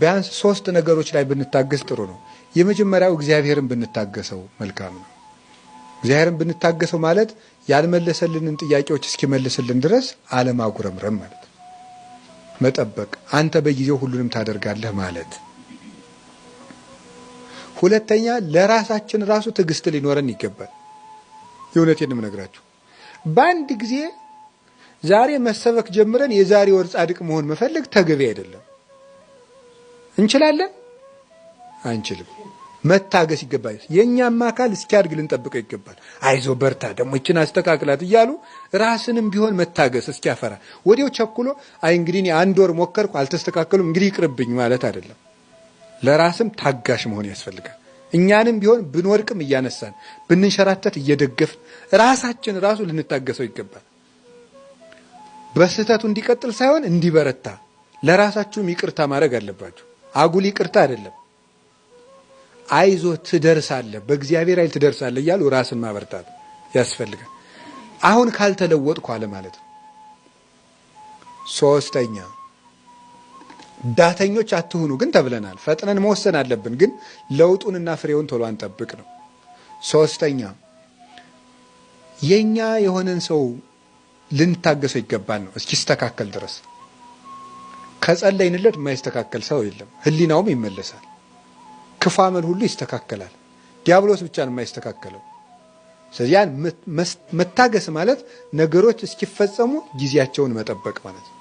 ቢያንስ ሶስት ነገሮች ላይ ብንታገስ ጥሩ ነው። የመጀመሪያው እግዚአብሔርን ብንታገሰው መልካም ነው። እግዚአብሔርን ብንታገሰው ማለት ያልመለሰልንን ጥያቄዎች እስኪመልስልን ድረስ አለማጉረምረም ማለት መጠበቅ፣ አንተ በጊዜው ሁሉንም ታደርጋለህ ማለት። ሁለተኛ ለራሳችን ራሱ ትዕግስት ሊኖረን ይገባል። የእውነቴን የምነግራችሁ በአንድ ጊዜ ዛሬ መሰበክ ጀምረን የዛሬ ወር ጻድቅ መሆን መፈለግ ተገቢ አይደለም። እንችላለን? አንችልም። መታገስ ይገባል። የእኛም አካል እስኪያድግ ልንጠብቀው ይገባል። አይዞ በርታ፣ ደግሞ ይችን አስተካክላት እያሉ ራስንም ቢሆን መታገስ እስኪያፈራ ወዲያው ቸኩሎ አይ እንግዲህ አንድ ወር ሞከርኩ አልተስተካከሉም እንግዲህ ይቅርብኝ ማለት አይደለም። ለራስም ታጋሽ መሆን ያስፈልጋል። እኛንም ቢሆን ብንወድቅም እያነሳን ብንንሸራተት እየደገፍን ራሳችን ራሱ ልንታገሰው ይገባል። በስህተቱ እንዲቀጥል ሳይሆን እንዲበረታ ለራሳችሁም ይቅርታ ማድረግ አለባችሁ። አጉል ይቅርታ አይደለም። አይዞ ትደርሳለ በእግዚአብሔር ኃይል ትደርሳለ እያሉ ራስን ማበርታት ያስፈልጋል። አሁን ካልተለወጥኩ አለ ማለት ነው። ሶስተኛ ዳተኞች አትሁኑ ግን ተብለናል። ፈጥነን መወሰን አለብን ግን ለውጡንና ፍሬውን ቶሎ አንጠብቅ ነው። ሶስተኛ የኛ የሆነን ሰው ልንታገሰው ይገባል ነው እስኪስተካከል ድረስ ከጸለይንለት የማይስተካከል ሰው የለም። ህሊናውም ይመለሳል። ክፉ አመል ሁሉ ይስተካከላል። ዲያብሎስ ብቻ ነው የማይስተካከለው። ስለዚህ መታገስ ማለት ነገሮች እስኪፈጸሙ ጊዜያቸውን መጠበቅ ማለት ነው።